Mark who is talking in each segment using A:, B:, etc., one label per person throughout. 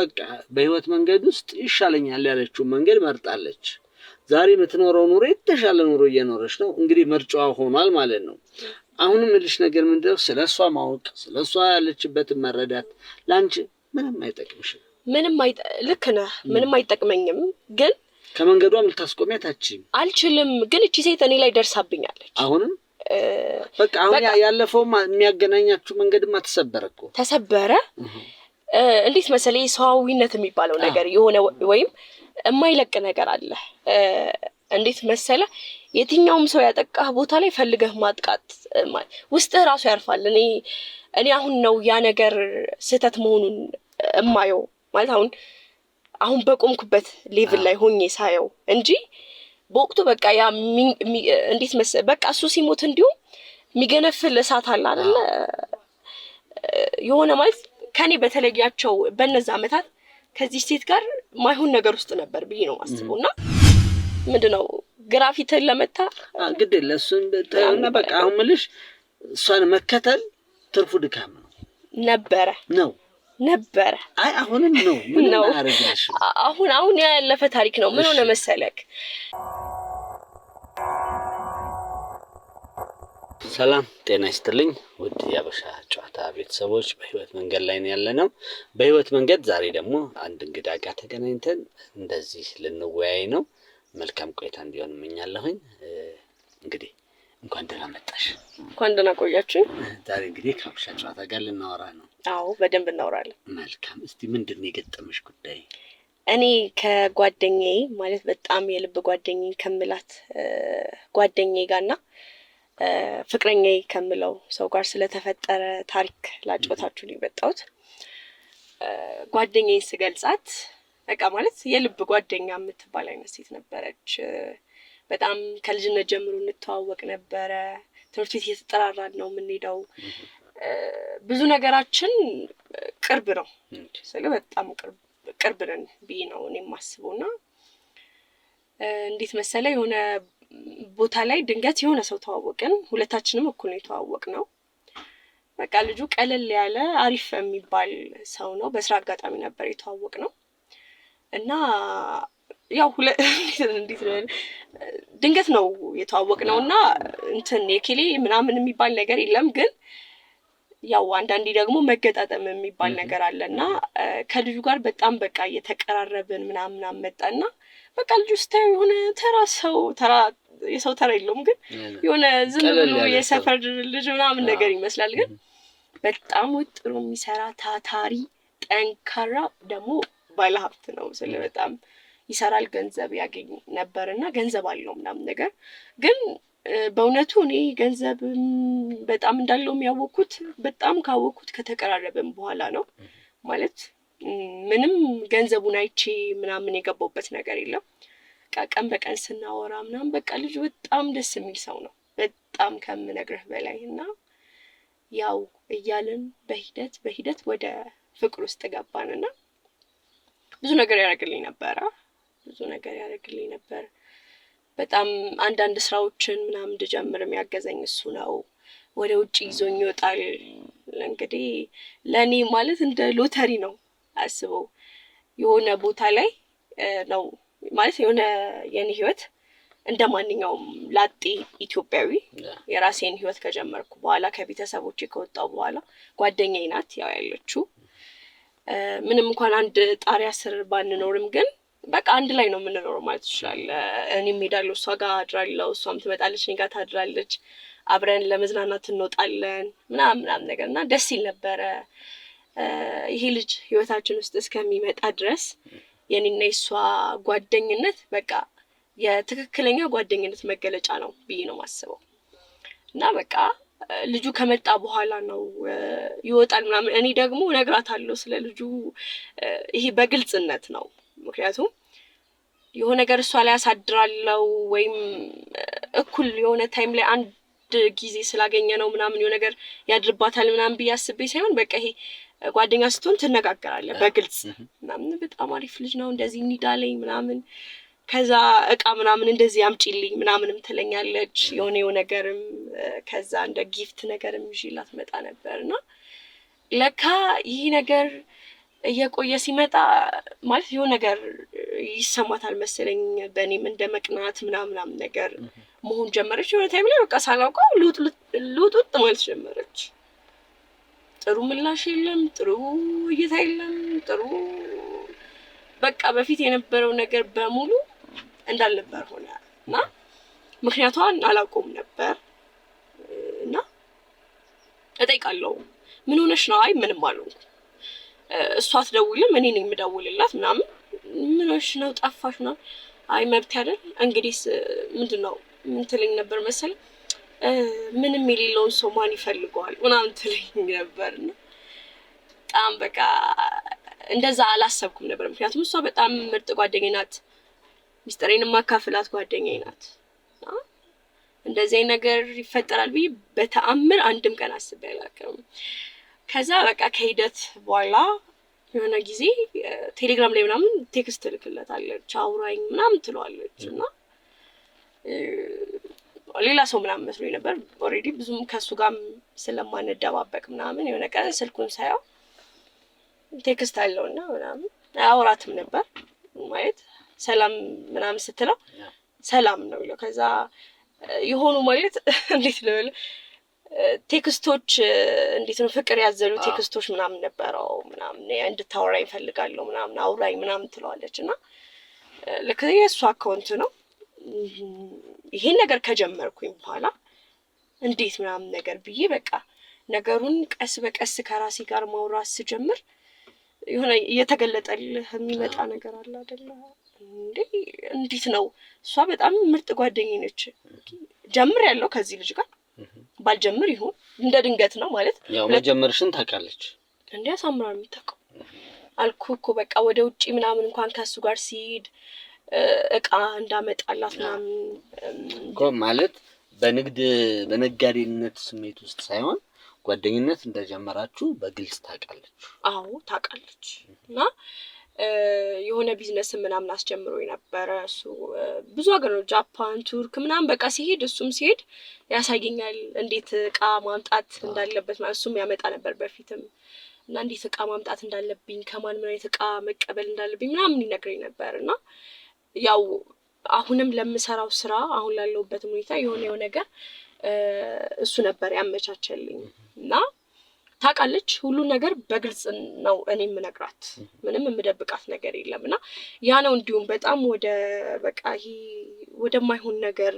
A: በቃ በህይወት መንገድ ውስጥ ይሻለኛል ያለችውን መንገድ መርጣለች። ዛሬ የምትኖረው ኑሮ የተሻለ ኑሮ እየኖረች ነው። እንግዲህ ምርጫዋ ሆኗል ማለት ነው። አሁንም እልሽ ነገር ምንድነው? ስለ እሷ ማወቅ፣ ስለ እሷ ያለችበትን መረዳት ለአንቺ ምንም አይጠቅምሽም።
B: ምንም ልክ ነህ። ምንም አይጠቅመኝም ግን
A: ከመንገዷም ልታስቆሚያት አትችይም።
B: አልችልም ግን እቺ ሴት እኔ ላይ ደርሳብኛለች።
A: አሁንም በቃ አሁን ያለፈውም የሚያገናኛችሁ መንገድማ ተሰበረ እኮ
B: ተሰበረ። እንዴት መሰለ ሰዋዊነት የሚባለው ነገር የሆነ ወይም የማይለቅ ነገር አለ። እንዴት መሰለ የትኛውም ሰው ያጠቃህ ቦታ ላይ ፈልገህ ማጥቃት ውስጥህ ራሱ ያርፋል። እኔ እኔ አሁን ነው ያ ነገር ስህተት መሆኑን እማየው ማለት አሁን አሁን በቆምኩበት ሌቭል ላይ ሆኜ ሳየው እንጂ በወቅቱ በቃ ያ እንዴት መሰለህ በቃ እሱ ሲሞት እንዲሁም የሚገነፍል እሳት አለ አይደለ የሆነ ማለት ከኔ በተለያቸው በነዛ አመታት ከዚህ ሴት ጋር ማይሆን ነገር ውስጥ ነበር ብዬ ነው ማስበው። እና ምንድን ነው ግራፊትን ለመታ
A: ግድ ለእሱን ጠና በቃ አሁን ምልሽ እሷን መከተል ትርፉ ድካም ነው ነበረ ነው ነበረ። አይ አሁንም ነው ምን ነው
B: አሁን አሁን ያለፈ ታሪክ ነው። ምን ሆነ መሰለክ
A: ሰላም ጤና ይስጥልኝ ውድ የአበሻ ጨዋታ ቤተሰቦች፣ በህይወት መንገድ ላይ ነው ያለ ነው። በህይወት መንገድ ዛሬ ደግሞ አንድ እንግዳ ጋር ተገናኝተን እንደዚህ ልንወያይ ነው። መልካም ቆይታ እንዲሆን እመኛለሁኝ። እንግዲህ እንኳን ደህና መጣሽ።
B: እንኳን ደህና ቆያችን።
A: ዛሬ እንግዲህ ከአበሻ ጨዋታ ጋር ልናወራ ነው።
B: አዎ በደንብ እናወራለን።
A: መልካም። እስቲ ምንድን ነው የገጠመሽ ጉዳይ?
B: እኔ ከጓደኛዬ ማለት በጣም የልብ ጓደኛዬ ከምላት ጓደኛዬ ጋር እና ፍቅረኛ ከምለው ሰው ጋር ስለተፈጠረ ታሪክ ላጫወታችሁ ነው የመጣሁት። ጓደኛዬን ስገልጻት በቃ ማለት የልብ ጓደኛ የምትባል አይነት ሴት ነበረች። በጣም ከልጅነት ጀምሮ እንተዋወቅ ነበረ። ትምህርት ቤት እየተጠራራን ነው የምንሄደው። ብዙ ነገራችን ቅርብ ነው ስለ በጣም ቅርብ ነን ብዬ ነው እኔ የማስበው እና እንዴት መሰለ የሆነ ቦታ ላይ ድንገት የሆነ ሰው ተዋወቅን። ሁለታችንም እኩል ነው የተዋወቅ ነው። በቃ ልጁ ቀለል ያለ አሪፍ የሚባል ሰው ነው። በስራ አጋጣሚ ነበር የተዋወቅ ነው እና ያው እንዴት ድንገት ነው የተዋወቅ ነው እና እንትን የኬሌ ምናምን የሚባል ነገር የለም ግን ያው አንዳንዴ ደግሞ መገጣጠም የሚባል ነገር አለ እና ከልጁ ጋር በጣም በቃ እየተቀራረብን ምናምን መጣና በቃ ልጁ ስታየው የሆነ ተራ ሰው ተራ የሰው ተራ የለውም፣ ግን የሆነ ዝም ብሎ የሰፈር ልጅ ምናምን ነገር ይመስላል። ግን በጣም ወጥሮ የሚሰራ ታታሪ፣ ጠንካራ ደግሞ ባለሀብት ነው። ስለ በጣም ይሰራል፣ ገንዘብ ያገኝ ነበር እና ገንዘብ አለው ምናምን ነገር ግን በእውነቱ እኔ ገንዘብ በጣም እንዳለው የሚያወቅኩት በጣም ካወቅኩት ከተቀራረበም በኋላ ነው ማለት ምንም ገንዘቡን አይቼ ምናምን የገባውበት ነገር የለም። ቀን በቀን ስናወራ ምናምን በቃ ልጅ በጣም ደስ የሚል ሰው ነው፣ በጣም ከምነግርህ በላይ እና ያው እያልን በሂደት በሂደት ወደ ፍቅር ውስጥ ገባን እና ብዙ ነገር ያደርግልኝ ነበረ፣ ብዙ ነገር ያደርግልኝ ነበር። በጣም አንዳንድ ስራዎችን ምናምን እንድጀምርም ያገዘኝ እሱ ነው። ወደ ውጭ ይዞኝ ይወጣል። እንግዲህ ለእኔ ማለት እንደ ሎተሪ ነው አስበው የሆነ ቦታ ላይ ነው ማለት የሆነ የኔ ህይወት እንደ ማንኛውም ላጤ ኢትዮጵያዊ የራሴን ህይወት ከጀመርኩ በኋላ ከቤተሰቦቼ ከወጣው በኋላ ጓደኛዬ ናት ያው ያለችው። ምንም እንኳን አንድ ጣሪያ ስር ባንኖርም ግን በቃ አንድ ላይ ነው የምንኖረው ማለት ይችላል። እኔም ሄዳለሁ፣ እሷ ጋር አድራለሁ፣ እሷም ትመጣለች፣ እኔ ጋር ታድራለች። አብረን ለመዝናናት እንወጣለን ምናምን ምናምን ነገር እና ደስ ይል ነበረ። ይሄ ልጅ ህይወታችን ውስጥ እስከሚመጣ ድረስ የኔና የሷ ጓደኝነት በቃ የትክክለኛ ጓደኝነት መገለጫ ነው ብዬ ነው ማስበው። እና በቃ ልጁ ከመጣ በኋላ ነው ይወጣል ምናምን። እኔ ደግሞ እነግራታለሁ ስለ ልጁ። ይሄ በግልጽነት ነው። ምክንያቱም የሆነ ነገር እሷ ላይ ያሳድራለው ወይም እኩል የሆነ ታይም ላይ አንድ ጊዜ ስላገኘ ነው ምናምን የሆነ ነገር ያድርባታል ምናምን ብዬ አስቤ ሳይሆን በቃ ይሄ ጓደኛ ስትሆን ትነጋገራለን በግልጽ ምናምን። በጣም አሪፍ ልጅ ነው እንደዚህ እንዳለኝ ምናምን ከዛ እቃ ምናምን እንደዚህ አምጪልኝ ምናምንም ትለኛለች። የሆነው ነገርም ከዛ እንደ ጊፍት ነገርም ይዤላት መጣ ነበር እና ለካ ይህ ነገር እየቆየ ሲመጣ ማለት የሆነ ነገር ይሰማታል መሰለኝ። በእኔም እንደ መቅናት ምናምናም ነገር መሆን ጀመረች። የሆነ ታይም ላይ በቃ ሳላውቀው ልውጥ ልውጥ ማለት ጀመረ። ጥሩ ምላሽ የለም፣ ጥሩ እይታ የለም፣ ጥሩ በቃ በፊት የነበረው ነገር በሙሉ እንዳልነበር ሆነ እና ምክንያቷን አላውቀውም ነበር እና እጠይቃለሁ። ምን ሆነሽ ነው? አይ ምንም አልሆንኩም። እሷ አትደውልም፣ እኔ ነኝ የምደውልላት ምናምን። ምን ሆነሽ ነው ጠፋሽ? ምናምን አይ መብት ያለን እንግዲህ ምንድን ነው ምን ነበር መሰለኝ ምንም የሌለውን ሰው ማን ይፈልገዋል ምናምን ትለኝ ነበር። በጣም በቃ እንደዛ አላሰብኩም ነበር። ምክንያቱም እሷ በጣም ምርጥ ጓደኛ ናት፣ ሚስጥሬን የማካፍላት ጓደኛ ናት። እንደዚህ ነገር ይፈጠራል ብዬ በተአምር አንድም ቀን አስቤ አላውቅም። ከዛ በቃ ከሂደት በኋላ የሆነ ጊዜ ቴሌግራም ላይ ምናምን ቴክስት ትልክለታለች፣ አውራኝ ምናምን ትለዋለች እና ሌላ ሰው ምናምን መስሎኝ ነበር። ኦልሬዲ ብዙም ከእሱ ጋር ስለማንደባበቅ ምናምን የሆነ ቀን ስልኩን ሳየው ቴክስት አለው እና ምናምን አውራትም ነበር ማየት ሰላም ምናምን ስትለው ሰላም ነው የሚለው። ከዛ የሆኑ ማለት እንዴት ነው ቴክስቶች እንዴት ነው ፍቅር ያዘሉ ቴክስቶች ምናምን ነበረው ምናምን እንድታወራ ይፈልጋለሁ ምናምን አውራኝ ምናምን ትለዋለች እና ልክ የእሱ አካውንት ነው ይሄን ነገር ከጀመርኩኝ በኋላ እንዴት ምናምን ነገር ብዬ በቃ ነገሩን ቀስ በቀስ ከራሴ ጋር ማውራት ስጀምር የሆነ እየተገለጠልህ የሚመጣ ነገር አለ አደለ? እንዴ እንዴት ነው እሷ በጣም ምርጥ ጓደኛዬ ነች። ጀምር ያለው ከዚህ ልጅ ጋር ባልጀምር ይሁን እንደ ድንገት ነው ማለት
A: ያው መጀመርሽን ታውቃለች።
B: እንዲ አሳምራ አልኩ እኮ በቃ ወደ ውጭ ምናምን እንኳን ከሱ ጋር ሲሄድ እቃ እንዳመጣላት ምናምን
A: ማለት በንግድ በነጋዴነት ስሜት ውስጥ ሳይሆን ጓደኝነት እንደጀመራችሁ በግልጽ ታውቃለች።
B: አዎ ታውቃለች። እና የሆነ ቢዝነስን ምናምን አስጀምሮ የነበረ እሱ ብዙ ሀገር ነው፣ ጃፓን፣ ቱርክ ምናምን በቃ ሲሄድ እሱም ሲሄድ ያሳየኛል እንዴት እቃ ማምጣት እንዳለበት። እሱም ያመጣ ነበር በፊትም እና እንዴት እቃ ማምጣት እንዳለብኝ ከማን ምን አይነት እቃ መቀበል እንዳለብኝ ምናምን ይነግረኝ ነበር እና ያው አሁንም ለምሰራው ስራ አሁን ላለሁበትም ሁኔታ የሆነው ነገር እሱ ነበር ያመቻቸልኝ እና ታውቃለች ሁሉን ነገር በግልጽ ነው እኔ የምነግራት፣ ምንም የምደብቃት ነገር የለም። እና ያ ነው እንዲሁም በጣም ወደ በቃ ይሄ ወደማይሆን ነገር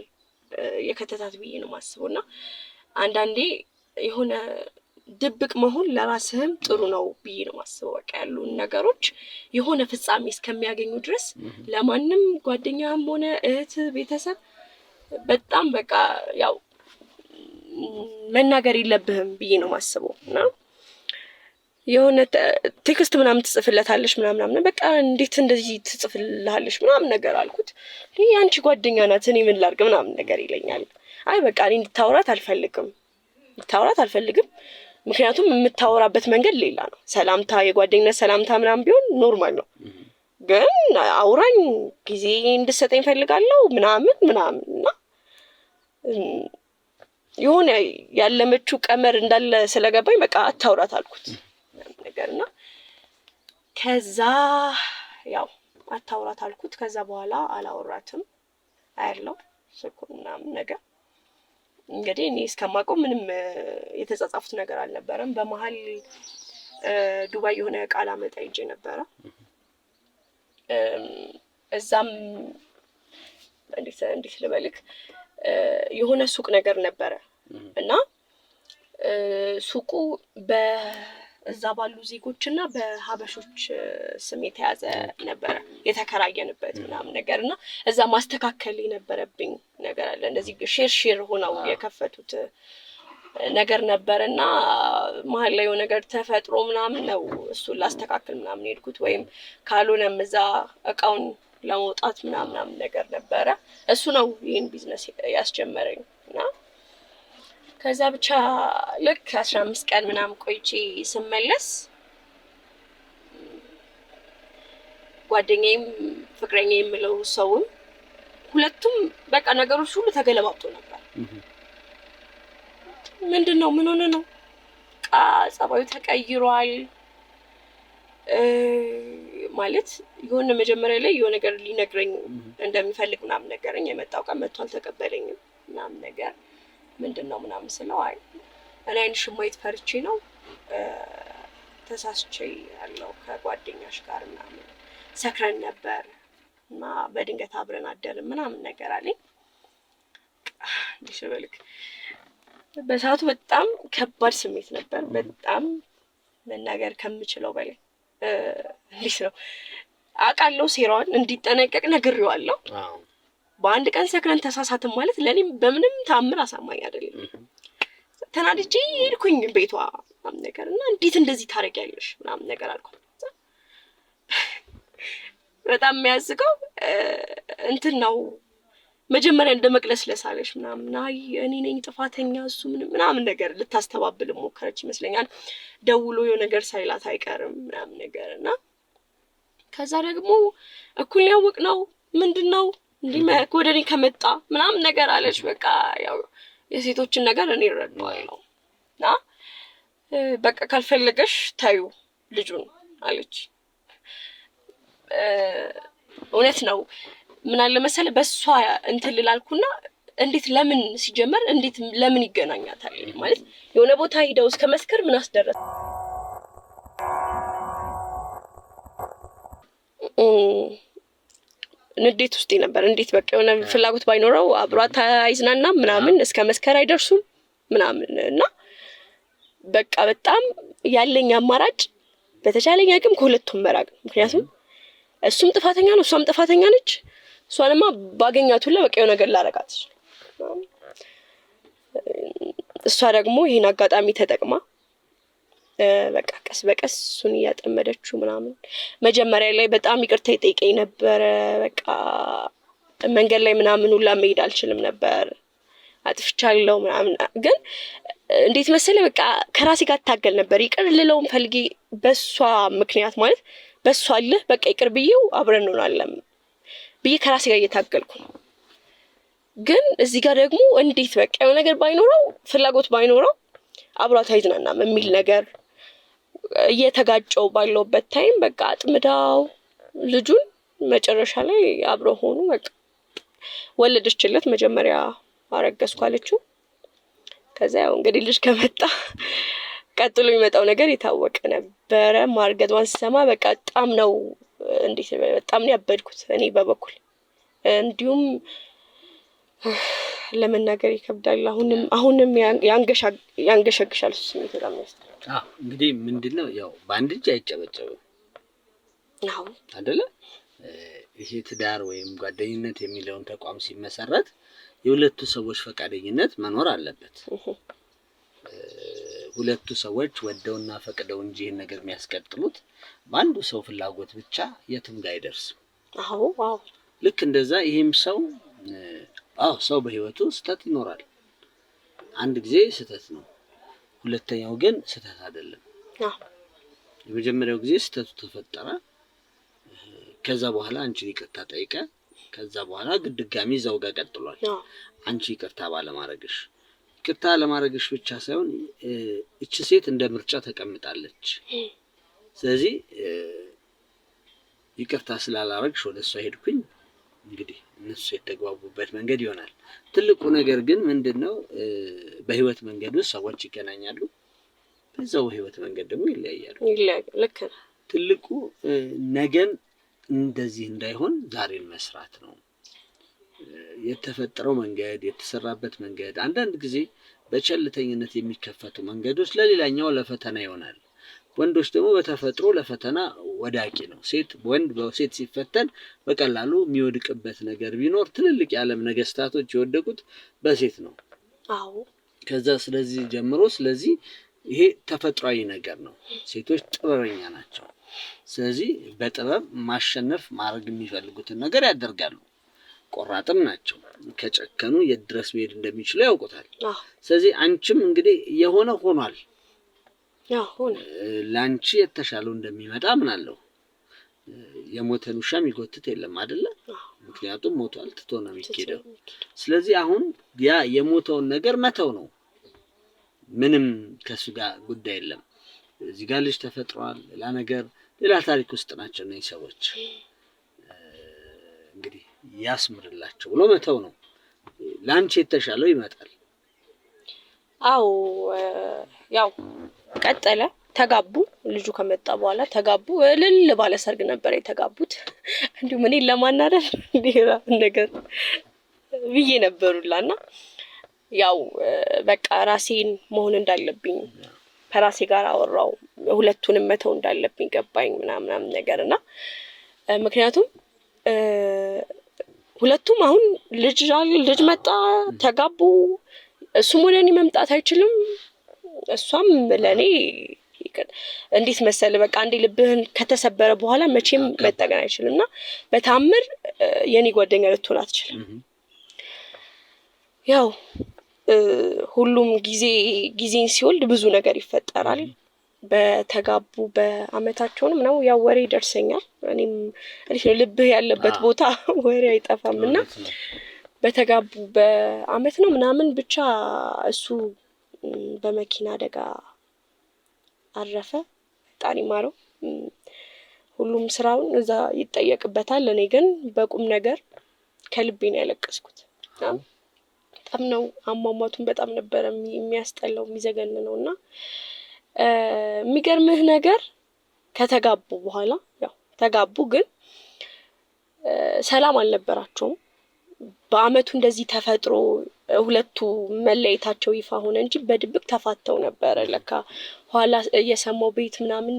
B: የከተታት ብዬ ነው ማስበው እና አንዳንዴ የሆነ ድብቅ መሆን ለራስህም ጥሩ ነው ብዬ ነው ማስበው። ያሉ ነገሮች የሆነ ፍጻሜ እስከሚያገኙ ድረስ ለማንም ጓደኛም ሆነ እህት፣ ቤተሰብ በጣም በቃ ያው መናገር የለብህም ብዬ ነው ማስበው እና የሆነ ቴክስት ምናምን ትጽፍለታለሽ ምናምናምን በቃ እንዴት እንደዚህ ትጽፍልሃለሽ ምናምን ነገር አልኩት። የአንቺ ጓደኛ ናት እኔ ምን ላድርግ ምናምን ነገር ይለኛል። አይ በቃ እኔ እንድታውራት አልፈልግም እንድታውራት አልፈልግም ምክንያቱም የምታወራበት መንገድ ሌላ ነው። ሰላምታ የጓደኝነት ሰላምታ ምናምን ቢሆን ኖርማል ነው። ግን አውራኝ ጊዜ እንድሰጠኝ ፈልጋለው ምናምን ምናምን እና የሆነ ያለመችው ቀመር እንዳለ ስለገባኝ በቃ አታውራት አልኩት ነገር እና ከዛ ያው አታውራት አልኩት። ከዛ በኋላ አላወራትም አያለው ስልኩን ምናምን ነገር እንግዲህ እኔ እስከማውቀው ምንም የተጻጻፉት ነገር አልነበረም። በመሀል ዱባይ የሆነ ቃል አመጣ ይጄ ነበረ። እዛም እንዴት ልበልክ የሆነ ሱቅ ነገር ነበረ እና ሱቁ በ እዛ ባሉ ዜጎች እና በሀበሾች ስም የተያዘ ነበረ የተከራየንበት ምናምን ነገር እና እዛ ማስተካከል የነበረብኝ ነገር አለ። እንደዚህ ሼር ሼር ሆነው የከፈቱት ነገር ነበር እና መሀል ላይ ነገር ተፈጥሮ ምናምን ነው እሱን ላስተካክል ምናምን ሄድኩት። ወይም ካልሆነም እዛ እቃውን ለመውጣት ምናምናምን ነገር ነበረ። እሱ ነው ይህን ቢዝነስ ያስጀመረኝ እና ከዛ ብቻ ልክ አስራ አምስት ቀን ምናምን ቆይቼ ስመለስ ጓደኛዬም ፍቅረኛ የምለው ሰውም ሁለቱም በቃ ነገሮች ሁሉ ተገለባብጦ ነበር። ምንድን ነው ምን ሆነ ነው በቃ ጸባዩ ተቀይሯል ማለት የሆነ መጀመሪያ ላይ የሆነ ነገር ሊነግረኝ እንደሚፈልግ ምናምን ነገረኝ። የመጣው ቀን መጥቶ አልተቀበለኝም ምናምን ነገር ምንድን ነው ምናምን ስለው አይ እኔ አይን ማየት ፈርቼ ነው ተሳስቼ ያለው ከጓደኛሽ ጋር ምናምን ሰክረን ነበር እና በድንገት አብረን አደርን ምናምን ነገር አለኝ። ሽበልክ በሰዓቱ በጣም ከባድ ስሜት ነበር። በጣም መናገር ከምችለው በላይ እንዴት ነው አውቃለሁ። ሴራዋን እንዲጠነቀቅ ነግሬዋለሁ። በአንድ ቀን ሰክረን ተሳሳትን ማለት ለእኔ በምንም ታምር አሳማኝ አይደለም። ተናድጄ ሄድኩኝ ቤቷ ምናምን ነገር እና እንዴት እንደዚህ ታደርጊያለሽ ምናምን ነገር አልኩ። በጣም የሚያስቀው እንትን ነው መጀመሪያ እንደ መቅለስ አለሽ ምናምን፣ አይ እኔ ነኝ ጥፋተኛ እሱ ምንም ምናምን ነገር ልታስተባብል ሞከረች ይመስለኛል። ደውሎ የሆነ ነገር ሳይላት አይቀርም ምናምን ነገር እና ከዛ ደግሞ እኩል ያወቅ ነው ምንድን ነው እንዲህ ወደ እኔ ከመጣ ምናምን ነገር አለች። በቃ ያው የሴቶችን ነገር እኔ ረድዋይ ነው እና በቃ ካልፈለገሽ ታዩ ልጁን አለች። እውነት ነው። ምን አለ መሰለ በእሷ እንትን ልላልኩና እንዴት ለምን ሲጀመር እንዴት ለምን ይገናኛታል ማለት የሆነ ቦታ ሂደው እስከ መስከር ምን አስደረሰ ንዴት ውስጥ ነበር። እንዴት በቃ የሆነ ፍላጎት ባይኖረው አብሯት አይዝናና ምናምን እስከ መስከር አይደርሱም ምናምን እና በቃ በጣም ያለኝ አማራጭ በተቻለኝ አቅም ከሁለቱም መራቅ ነው። ምክንያቱም እሱም ጥፋተኛ ነው፣ እሷም ጥፋተኛ ነች። እሷንማ ባገኛት ሁላ በቃ የሆነ ነገር ላረጋት፣ እሷ ደግሞ ይህን አጋጣሚ ተጠቅማ በቃ ቀስ በቀስ እሱን እያጠመደችው ምናምን መጀመሪያ ላይ በጣም ይቅርታ ይጠይቀኝ ነበረ። በቃ መንገድ ላይ ምናምን ሁላ መሄድ አልችልም ነበር አጥፍቻለሁ ምናምን ግን እንዴት መሰለ በቃ ከራሴ ጋር እታገል ነበር። ይቅር ልለውም ፈልጌ በእሷ ምክንያት ማለት በእሷ አልህ በቃ ይቅር ብዬው አብረን እንሆናለን ብዬ ከራሴ ጋር እየታገልኩ ነው። ግን እዚህ ጋር ደግሞ እንዴት በቃ የሆነ ነገር ባይኖረው ፍላጎት ባይኖረው አብሯት አይዝናናም የሚል ነገር እየተጋጨው ባለውበት ታይም በቃ አጥምዳው ልጁን መጨረሻ ላይ አብረ ሆኑ። ወለደችለት። መጀመሪያ አረገዝኩ አለችው። ከዛ ያው እንግዲህ ልጅ ከመጣ ቀጥሎ የሚመጣው ነገር የታወቀ ነበረ። ማርገዟን ስሰማ በቃ በጣም ነው እንዴት በጣም ነው ያበድኩት እኔ በበኩል እንዲሁም ለመናገር ይከብዳል። አሁንም አሁንም ያንገሸግሻል እሱ ስሜት በጣም
A: ያስጠላል። እንግዲህ ምንድን ነው ያው በአንድ እጅ አይጨበጨብም አደለ? ይሄ ትዳር ወይም ጓደኝነት የሚለውን ተቋም ሲመሰረት የሁለቱ ሰዎች ፈቃደኝነት መኖር አለበት። ሁለቱ ሰዎች ወደውና ፈቅደው እንጂ ይህን ነገር የሚያስቀጥሉት በአንዱ ሰው ፍላጎት ብቻ የትም ጋ አይደርስም። ልክ እንደዛ ይህም ሰው አዎ ሰው በህይወቱ ስህተት ይኖራል። አንድ ጊዜ ስህተት ነው፣ ሁለተኛው ግን ስህተት አይደለም። የመጀመሪያው ጊዜ ስህተቱ ተፈጠረ፣ ከዛ በኋላ አንቺን ይቅርታ ጠይቀ፣ ከዛ በኋላ ግድጋሚ ድጋሚ እዛው ጋር ቀጥሏል። አንቺ ይቅርታ ባለማድረግሽ ይቅርታ ለማድረግሽ ብቻ ሳይሆን እች ሴት እንደ ምርጫ ተቀምጣለች። ስለዚህ ይቅርታ ስላላረግሽ ወደ እሷ ሄድኩኝ እንግዲህ እነሱ የተግባቡበት መንገድ ይሆናል። ትልቁ ነገር ግን ምንድን ነው፣ በህይወት መንገድ ውስጥ ሰዎች ይገናኛሉ፣ በዛው ህይወት መንገድ ደግሞ ይለያያሉ። ልክ ነው። ትልቁ ነገን እንደዚህ እንዳይሆን ዛሬን መስራት ነው። የተፈጠረው መንገድ የተሰራበት መንገድ አንዳንድ ጊዜ በቸልተኝነት የሚከፈቱ መንገዶች ለሌላኛው ለፈተና ይሆናል። ወንዶች ደግሞ በተፈጥሮ ለፈተና ወዳቂ ነው። ሴት ወንድ በሴት ሲፈተን በቀላሉ የሚወድቅበት ነገር ቢኖር ትልልቅ የዓለም ነገስታቶች የወደቁት በሴት ነው። አዎ ከዛ ስለዚህ ጀምሮ ስለዚህ ይሄ ተፈጥሯዊ ነገር ነው። ሴቶች ጥበበኛ ናቸው። ስለዚህ በጥበብ ማሸነፍ ማድረግ የሚፈልጉትን ነገር ያደርጋሉ። ቆራጥም ናቸው። ከጨከኑ የት ድረስ መሄድ እንደሚችሉ ያውቁታል። ስለዚህ አንቺም እንግዲህ የሆነ ሆኗል። ለአንቺ የተሻለው እንደሚመጣ ምናለው። የሞተን ውሻ የሚጎትት የለም አይደለ? ምክንያቱም ሞቷል፣ ትቶ ነው የሚኬደው። ስለዚህ አሁን ያ የሞተውን ነገር መተው ነው። ምንም ከሱ ጋር ጉዳይ የለም። እዚህ ጋር ልጅ ተፈጥሯል፣ ሌላ ነገር፣ ሌላ ታሪክ ውስጥ ናቸው እነዚህ ሰዎች። እንግዲህ ያስምርላቸው ብሎ መተው ነው። ለአንቺ የተሻለው ይመጣል።
B: አዎ ያው ቀጠለ። ተጋቡ። ልጁ ከመጣ በኋላ ተጋቡ። እልል ባለ ሰርግ ነበር የተጋቡት። እንዲሁም እኔ ለማናደር ሌላ ነገር ብዬ ነበሩላ እና ያው በቃ ራሴን መሆን እንዳለብኝ ከራሴ ጋር አወራው። ሁለቱንም መተው እንዳለብኝ ገባኝ ምናምናም ነገር እና ምክንያቱም ሁለቱም አሁን ልጅ ልጅ መጣ፣ ተጋቡ። እሱም ወደ እኔ መምጣት አይችልም እሷም ለእኔ እንዴት መሰል በቃ አንዴ ልብህን ከተሰበረ በኋላ መቼም መጠገን አይችልም እና በታምር የኔ ጓደኛ ልትሆን አትችልም። ያው ሁሉም ጊዜ ጊዜን ሲወልድ ብዙ ነገር ይፈጠራል። በተጋቡ በአመታቸውንም ነው ያው ወሬ ይደርሰኛል። እኔም እንዴት ነው ልብህ ያለበት ቦታ ወሬ አይጠፋም እና በተጋቡ በአመት ነው ምናምን ብቻ እሱ በመኪና አደጋ አረፈ። ፈጣሪ ይማረው። ሁሉም ስራውን እዛ ይጠየቅበታል። እኔ ግን በቁም ነገር ከልቤ ነው ያለቀስኩት። በጣም ነው አሟሟቱን በጣም ነበረ የሚያስጠላው የሚዘገንነው። እና የሚገርምህ ነገር ከተጋቡ በኋላ ያው ተጋቡ፣ ግን ሰላም አልነበራቸውም። በአመቱ እንደዚህ ተፈጥሮ ሁለቱ መለየታቸው ይፋ ሆነ እንጂ በድብቅ ተፋተው ነበረ። ለካ ኋላ የሰማው ቤት ምናምን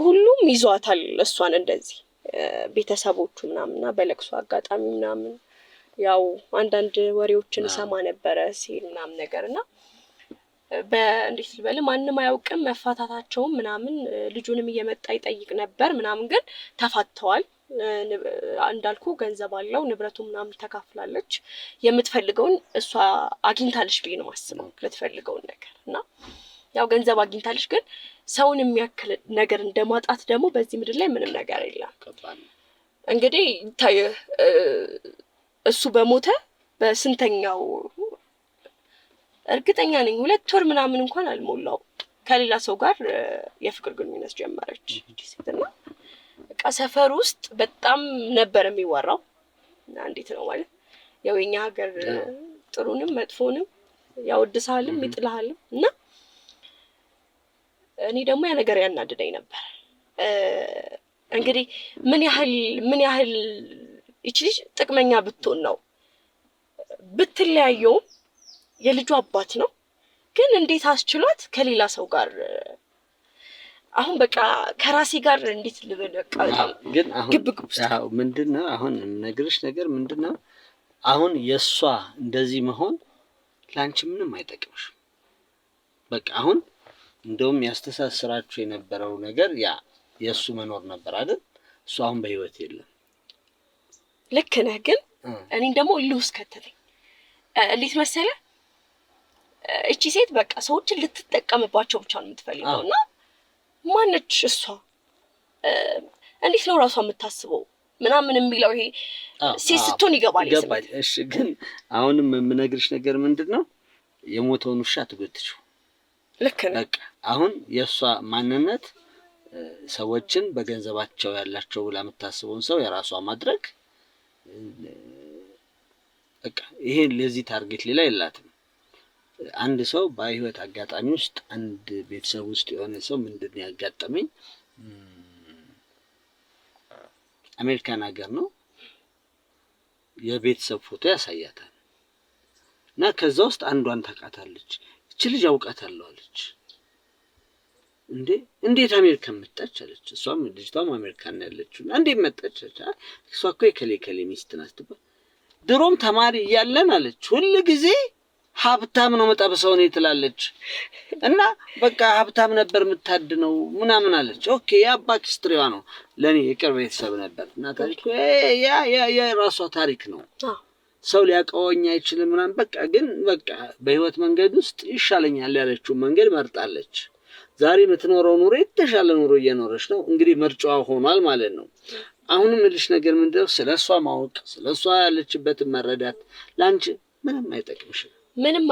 B: ሁሉም ይዟታል እሷን እንደዚህ ቤተሰቦቹ ምናምንና በለቅሶ አጋጣሚ ምናምን ያው አንዳንድ ወሬዎችን ሰማ ነበረ ሲል ምናምን ነገር እና በእንዴት ልበል ማንም አያውቅም መፋታታቸውም ምናምን ልጁንም እየመጣ ይጠይቅ ነበር ምናምን ግን ተፋተዋል። እንዳልኩ ገንዘብ አለው ንብረቱ ምናምን ተካፍላለች። የምትፈልገውን እሷ አግኝታለች ብዬ ነው ማስበው የምትፈልገውን ነገር እና ያው ገንዘብ አግኝታለች፣ ግን ሰውን የሚያክል ነገር እንደማጣት ደግሞ በዚህ ምድር ላይ ምንም ነገር የለም። እንግዲህ እሱ በሞተ በስንተኛው እርግጠኛ ነኝ ሁለት ወር ምናምን እንኳን አልሞላው ከሌላ ሰው ጋር የፍቅር ግንኙነት ጀመረች ሴትና በቃ ሰፈር ውስጥ በጣም ነበር የሚወራው እና እንዴት ነው ማለት ያው የኛ ሀገር ጥሩንም መጥፎንም ያወድሳልም ይጥልሃልም እና እኔ ደግሞ ያ ነገር ያናድደኝ ነበር። እንግዲህ ምን ያህል ምን ያህል ይቺ ልጅ ጥቅመኛ ብትሆን ነው ብትለያየውም የልጁ አባት ነው። ግን እንዴት አስችሏት ከሌላ ሰው ጋር አሁን በቃ ከራሴ ጋር እንዴት ልበል፣ በቃ
A: ግን ውስጥ ምንድን ነው አሁን የምነግርሽ ነገር ምንድን ነው አሁን የእሷ እንደዚህ መሆን ለአንቺ ምንም አይጠቅምሽም። በቃ አሁን እንደውም ያስተሳስራችሁ የነበረው ነገር ያ የእሱ መኖር ነበር አይደል? እሱ አሁን በህይወት የለም።
B: ልክ ነህ። ግን እኔ ደግሞ ልውስ ከተተኝ እንዴት መሰለህ፣ እቺ ሴት በቃ ሰዎችን ልትጠቀምባቸው ብቻ ነው የምትፈልገው እና ማነች እሷ? እንዴት ነው እራሷ የምታስበው ምናምን የሚለው ይሄ ሴት ስትሆን ይገባል።
A: እሺ፣ ግን አሁንም የምነግርሽ ነገር ምንድን ነው፣ የሞተውን ውሻ ትጎትችው ልክ ነው። በቃ አሁን የእሷ ማንነት ሰዎችን በገንዘባቸው ያላቸው ብላ የምታስበውን ሰው የራሷ ማድረግ በቃ ይሄን ለዚህ ታርጌት ሌላ የላትም። አንድ ሰው በህይወት አጋጣሚ ውስጥ አንድ ቤተሰብ ውስጥ የሆነ ሰው ምንድን ነው ያጋጠመኝ፣ አሜሪካን ሀገር ነው የቤተሰብ ፎቶ ያሳያታል። እና ከዛ ውስጥ አንዷን ታውቃታለች። እች ልጅ አውቃታለሁ አለች። እንዴ እንዴት አሜሪካን መጣች አለች። እሷም ልጅቷም አሜሪካን ነው ያለችው። እንዴት መጣች አለች። እሷ እኮ የከሌ ከሌ ሚስት ናት። ድሮም ተማሪ እያለን አለች ሁል ጊዜ ሀብታም ነው መጠብሰው እኔ ትላለች እና በቃ ሀብታም ነበር የምታድነው ምናምን አለች። ኦኬ የአባ ኪስትሪዋ ነው ለእኔ የቅርብ ቤተሰብ ነበር እና ታሪክ የራሷ ታሪክ ነው። ሰው ሊያቀወኝ አይችልም ምናምን በቃ ግን በቃ በህይወት መንገድ ውስጥ ይሻለኛል ያለችውን መንገድ መርጣለች። ዛሬ የምትኖረው ኑሮ የተሻለ ኑሮ እየኖረች ነው። እንግዲህ ምርጫዋ ሆኗል ማለት ነው። አሁንም ልሽ ነገር ምንድነው ስለ እሷ ማወቅ ስለ እሷ ያለችበትን መረዳት ለአንቺ ምንም አይጠቅምሽም።
B: ምንም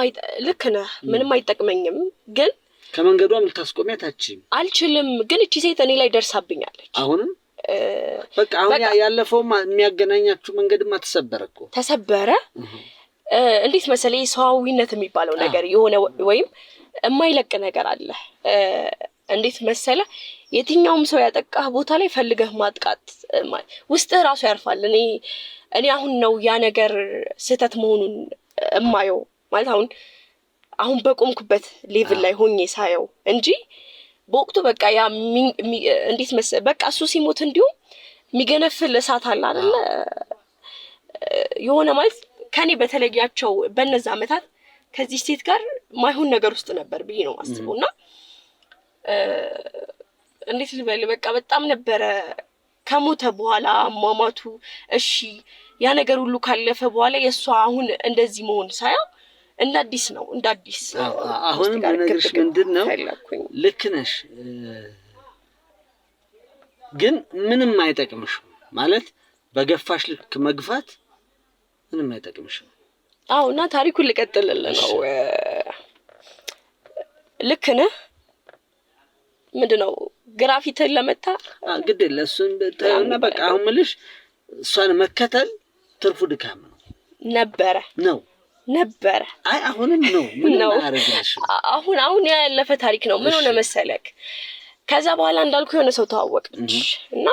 B: ልክ ነህ፣ ምንም አይጠቅመኝም ግን
A: ከመንገዷም ልታስቆሚያት አትችይም።
B: አልችልም ግን እቺ ሴት እኔ ላይ ደርሳብኛለች።
A: አሁንም በቃ አሁን ያለፈውም የሚያገናኛችሁ መንገድ ተሰበረ እኮ
B: ተሰበረ። እንዴት መሰለኝ ሰዋዊነት የሚባለው ነገር የሆነ ወይም የማይለቅ ነገር አለ። እንዴት መሰለ የትኛውም ሰው ያጠቃህ ቦታ ላይ ፈልገህ ማጥቃት ውስጥህ ራሱ ያርፋል። እኔ እኔ አሁን ነው ያ ነገር ስህተት መሆኑን እማየው ማለት አሁን አሁን በቆምኩበት ሌቭል ላይ ሆኜ ሳየው እንጂ በወቅቱ በቃ ያ እንዴት መሰ በቃ እሱ ሲሞት እንዲሁም የሚገነፍል እሳት አለ አደለ የሆነ ማለት ከኔ በተለያቸው በነዛ አመታት ከዚህ ሴት ጋር ማይሆን ነገር ውስጥ ነበር ብዬ ነው ማስበው። እና እንዴት ልበል በቃ በጣም ነበረ ከሞተ በኋላ አሟሟቱ እሺ ያ ነገር ሁሉ ካለፈ በኋላ የእሷ አሁን እንደዚህ መሆን ሳያው እንደ አዲስ ነው እንደ አዲስ
A: አሁንም ነገርሽ ምንድን ነው ልክ ነሽ ግን ምንም አይጠቅምሽም ማለት በገፋሽ ልክ መግፋት ምንም አይጠቅምሽም
B: አዎ እና ታሪኩን ልቀጥልልህ ነው ልክ ነህ ምንድን ነው ግራፊትን ለመታ
A: ግድ የለ እሱን በቃ አሁን ምልሽ እሷን መከተል ትርፉ ድካም ነው ነበረ ነው ነበረ። አይ አሁንም ነው ነው።
B: አሁን አሁን ያለፈ ታሪክ ነው። ምን ሆነ መሰለክ፣ ከዛ በኋላ እንዳልኩ የሆነ ሰው ተዋወቀች እና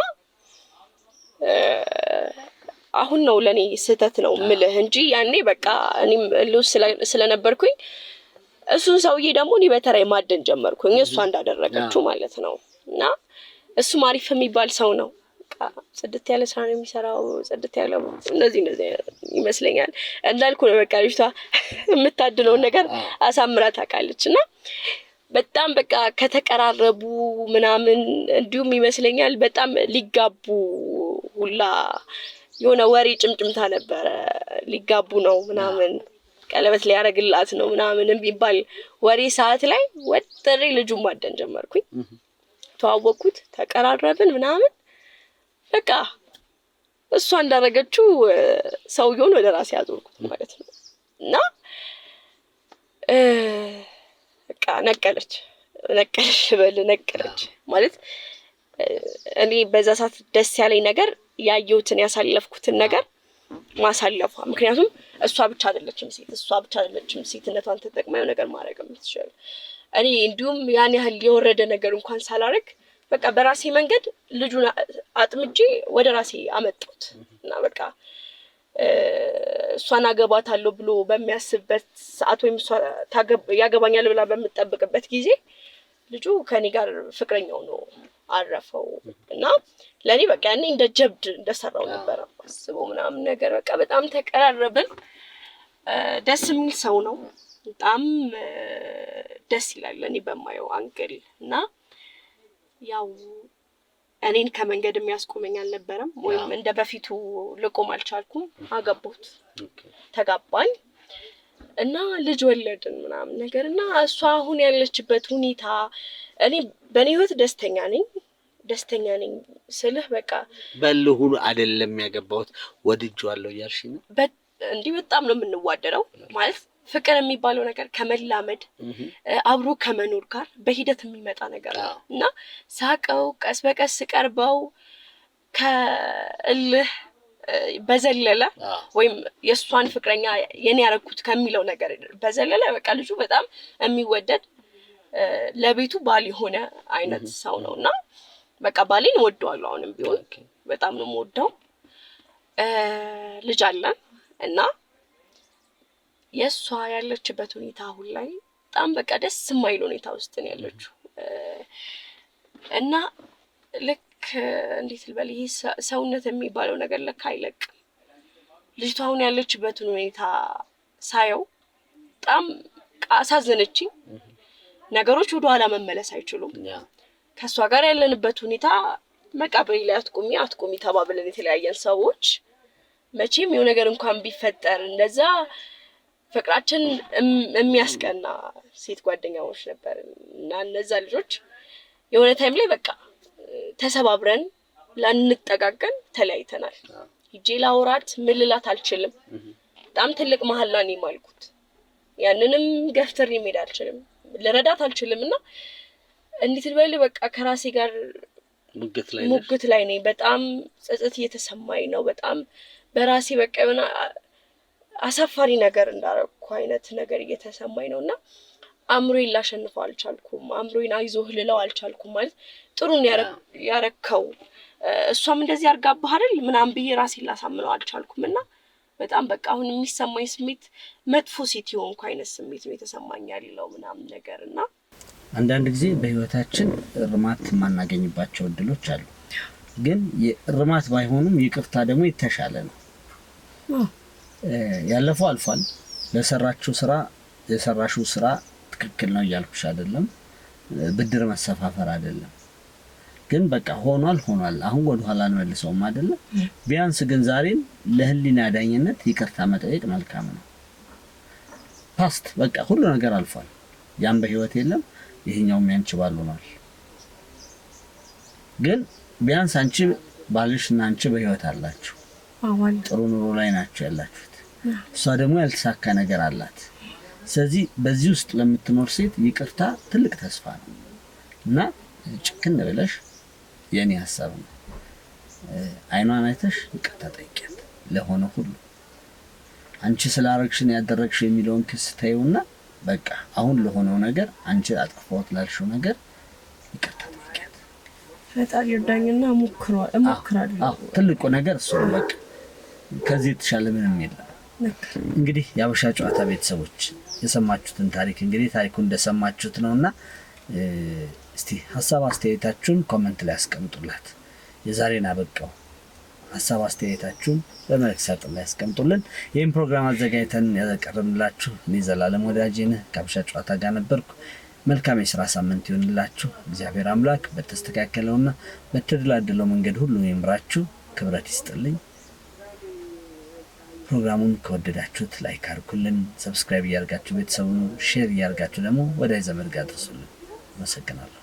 B: አሁን ነው ለእኔ ስህተት ነው ምልህ እንጂ ያኔ በቃ እኔም ልውስ ስለነበርኩኝ እሱን ሰውዬ ደግሞ እኔ በተራይ ማደን ጀመርኩኝ፣ እሷ እንዳደረገችው ማለት ነው። እና እሱም አሪፍ የሚባል ሰው ነው በቃ ጽድት ያለ ስራ ነው የሚሰራው። ጽድት ያለ እነዚህ እነዚህ ይመስለኛል እንዳልኩ ነው። በቃ ልጅቷ የምታድለውን ነገር አሳምራ ታውቃለች። እና በጣም በቃ ከተቀራረቡ ምናምን እንዲሁም ይመስለኛል በጣም ሊጋቡ ሁላ የሆነ ወሬ ጭምጭምታ ነበረ። ሊጋቡ ነው ምናምን ቀለበት ሊያደርግላት ነው ምናምን የሚባል ወሬ ሰዓት ላይ ወጥሬ ልጁን ማደን ጀመርኩኝ። ተዋወቅኩት፣ ተቀራረብን ምናምን በቃ እሷ እንዳረገችው ሰውየውን ወደ ራሴ ያዞርኩት ማለት ነው። እና በቃ ነቀለች ነቀለች በል ነቀለች ማለት እኔ በዛ ሰዓት ደስ ያለኝ ነገር ያየሁትን ያሳለፍኩትን ነገር ማሳለፏ። ምክንያቱም እሷ ብቻ አይደለችም ሴት፣ እሷ ብቻ አይደለችም ሴትነቷን ተጠቅማ ነገር ማድረግ የምትችለው እኔ እንዲሁም ያን ያህል የወረደ ነገር እንኳን ሳላረግ በቃ በራሴ መንገድ ልጁን አጥምጄ ወደ ራሴ አመጣሁት እና በቃ እሷን አገባታለሁ ብሎ በሚያስብበት ሰዓት ወይም እሷ ያገባኛል ብላ በምጠብቅበት ጊዜ ልጁ ከኔ ጋር ፍቅረኛው ነው አረፈው እና ለእኔ በቃ ያኔ እንደ ጀብድ እንደሰራው ነበረ አስበው ምናምን ነገር በቃ በጣም ተቀራረብን። ደስ የሚል ሰው ነው። በጣም ደስ ይላል እኔ በማየው አንግል እና ያው እኔን ከመንገድ የሚያስቆመኝ አልነበረም፣ ወይም እንደ በፊቱ ልቆም አልቻልኩም። አገባሁት፣ ተጋባኝ እና ልጅ ወለድን ምናምን ነገር እና እሷ አሁን ያለችበት ሁኔታ እኔ በእኔ ህይወት ደስተኛ ነኝ። ደስተኛ ነኝ ስልህ በቃ
A: በልሁ አይደለም ያገባሁት ወድጄዋለሁ እያልሽ ነው
B: እንዲህ በጣም ነው የምንዋደረው ማለት ፍቅር የሚባለው ነገር ከመላመድ አብሮ ከመኖር ጋር በሂደት የሚመጣ ነገር ነው እና ሳቀው ቀስ በቀስ ቀርበው ከእልህ በዘለለ ወይም የእሷን ፍቅረኛ የኔ ያረኩት ከሚለው ነገር በዘለለ በቃ ልጁ በጣም የሚወደድ ለቤቱ ባል የሆነ አይነት ሰው ነው እና በቃ ባሌን እወደዋለሁ። አሁንም ቢሆን በጣም ነው የምወደው። ልጅ አለን እና የእሷ ያለችበት ሁኔታ አሁን ላይ በጣም በቃ ደስ የማይል ሁኔታ ውስጥ ነው ያለችው እና ልክ እንዴት ልበል ይህ ሰውነት የሚባለው ነገር ልክ አይለቅም። ልጅቷ አሁን ያለችበትን ሁኔታ ሳየው በጣም አሳዘነችኝ። ነገሮች ወደ ኋላ መመለስ አይችሉም። ከእሷ ጋር ያለንበት ሁኔታ መቃብሬ ላይ አትቁሚ አትቁሚ ተባብለን የተለያየን ሰዎች መቼም የሆነ ነገር እንኳን ቢፈጠር እንደዛ ፍቅራችን የሚያስቀና ሴት ጓደኛሞች ነበር እና እነዛ ልጆች የሆነ ታይም ላይ በቃ ተሰባብረን ላንጠጋገን ተለያይተናል። ሂጄ ላውራት ምልላት አልችልም። በጣም ትልቅ መሀላ እኔም የማልኩት ያንንም ገፍትሬ የሚሄድ አልችልም፣ ልረዳት አልችልም እና እንዴት ልበል በቃ ከራሴ ጋር ሙግት ላይ ነኝ። በጣም ጸጸት እየተሰማኝ ነው። በጣም በራሴ በቃ የሆነ አሳፋሪ ነገር እንዳረኩ አይነት ነገር እየተሰማኝ ነው እና አእምሮዬን ላሸንፈው አልቻልኩም። አእምሮዬን አይዞህ ልለው አልቻልኩም። ማለት ጥሩን ያረከው እሷም እንደዚህ አድርጋብህ አይደል ምናምን ብዬ ራሴን ላሳምነው አልቻልኩም እና በጣም በቃ አሁን የሚሰማኝ ስሜት መጥፎ ሴት የሆንኩ አይነት ስሜት ነው የተሰማኝ ያሌለው ምናምን ነገር እና
A: አንዳንድ ጊዜ በህይወታችን እርማት የማናገኝባቸው እድሎች አሉ። ግን እርማት ባይሆኑም ይቅርታ ደግሞ የተሻለ ነው። ያለፈው አልፏል። ለሰራችው ስራ የሰራሽው ስራ ትክክል ነው እያልኩሽ አይደለም። ብድር መሰፋፈር አይደለም። ግን በቃ ሆኗል ሆኗል። አሁን ወደኋላ አንመልሰውም አይደለም። ቢያንስ ግን ዛሬም ለህሊና ዳኝነት ይቅርታ መጠየቅ መልካም ነው። ፓስት በቃ ሁሉ ነገር አልፏል። ያም በህይወት የለም፣ ይሄኛውም ያንቺ ባል ግን ቢያንስ አንቺ ባልሽ እና አንቺ በህይወት አላችሁ። ጥሩ ኑሮ ላይ ናቸው ያላችሁት። እሷ ደግሞ ያልተሳካ ነገር አላት። ስለዚህ በዚህ ውስጥ ለምትኖር ሴት ይቅርታ ትልቅ ተስፋ ነው እና ጭክን ብለሽ የእኔ ሀሳብ ነው አይኗን አይተሽ ይቅርታ ጠይቂያት ለሆነ ሁሉ አንቺ ስላረግሽን ያደረግሽ የሚለውን ክስ ታዩና በቃ አሁን ለሆነው ነገር አንቺ አጥፍተዋት ላልሽው ነገር ይቅርታ ጠይቂያት።
B: ፈጣሪ እርዳኝና እሞክራለሁ።
A: ትልቁ ነገር እሱ በቃ ከዚህ የተሻለ ምንም የለም። እንግዲህ የአበሻ ጨዋታ ቤተሰቦች የሰማችሁትን ታሪክ እንግዲህ ታሪኩ እንደሰማችሁት ነው እና እስቲ ሀሳብ አስተያየታችሁን ኮመንት ላይ ያስቀምጡላት። የዛሬን አበቃው። ሀሳብ አስተያየታችሁን በመልእክት ሳጥን ላይ ያስቀምጡልን። ይህም ፕሮግራም አዘጋጅተን ያቀረብንላችሁ እኔ ዘላለም ወዳጄነህ ከአበሻ ጨዋታ ጋር ነበርኩ። መልካም የስራ ሳምንት ይሆንላችሁ። እግዚአብሔር አምላክ በተስተካከለውና በተደላደለው መንገድ ሁሉ ይምራችሁ። ክብረት ይስጥልኝ። ፕሮግራሙን ከወደዳችሁት ላይክ አርኩልን፣ ሰብስክራይብ እያርጋችሁ ቤተሰቡን ሼር እያርጋችሁ ደግሞ ወዳጅ ዘመድ ጋር አመሰግናለሁ።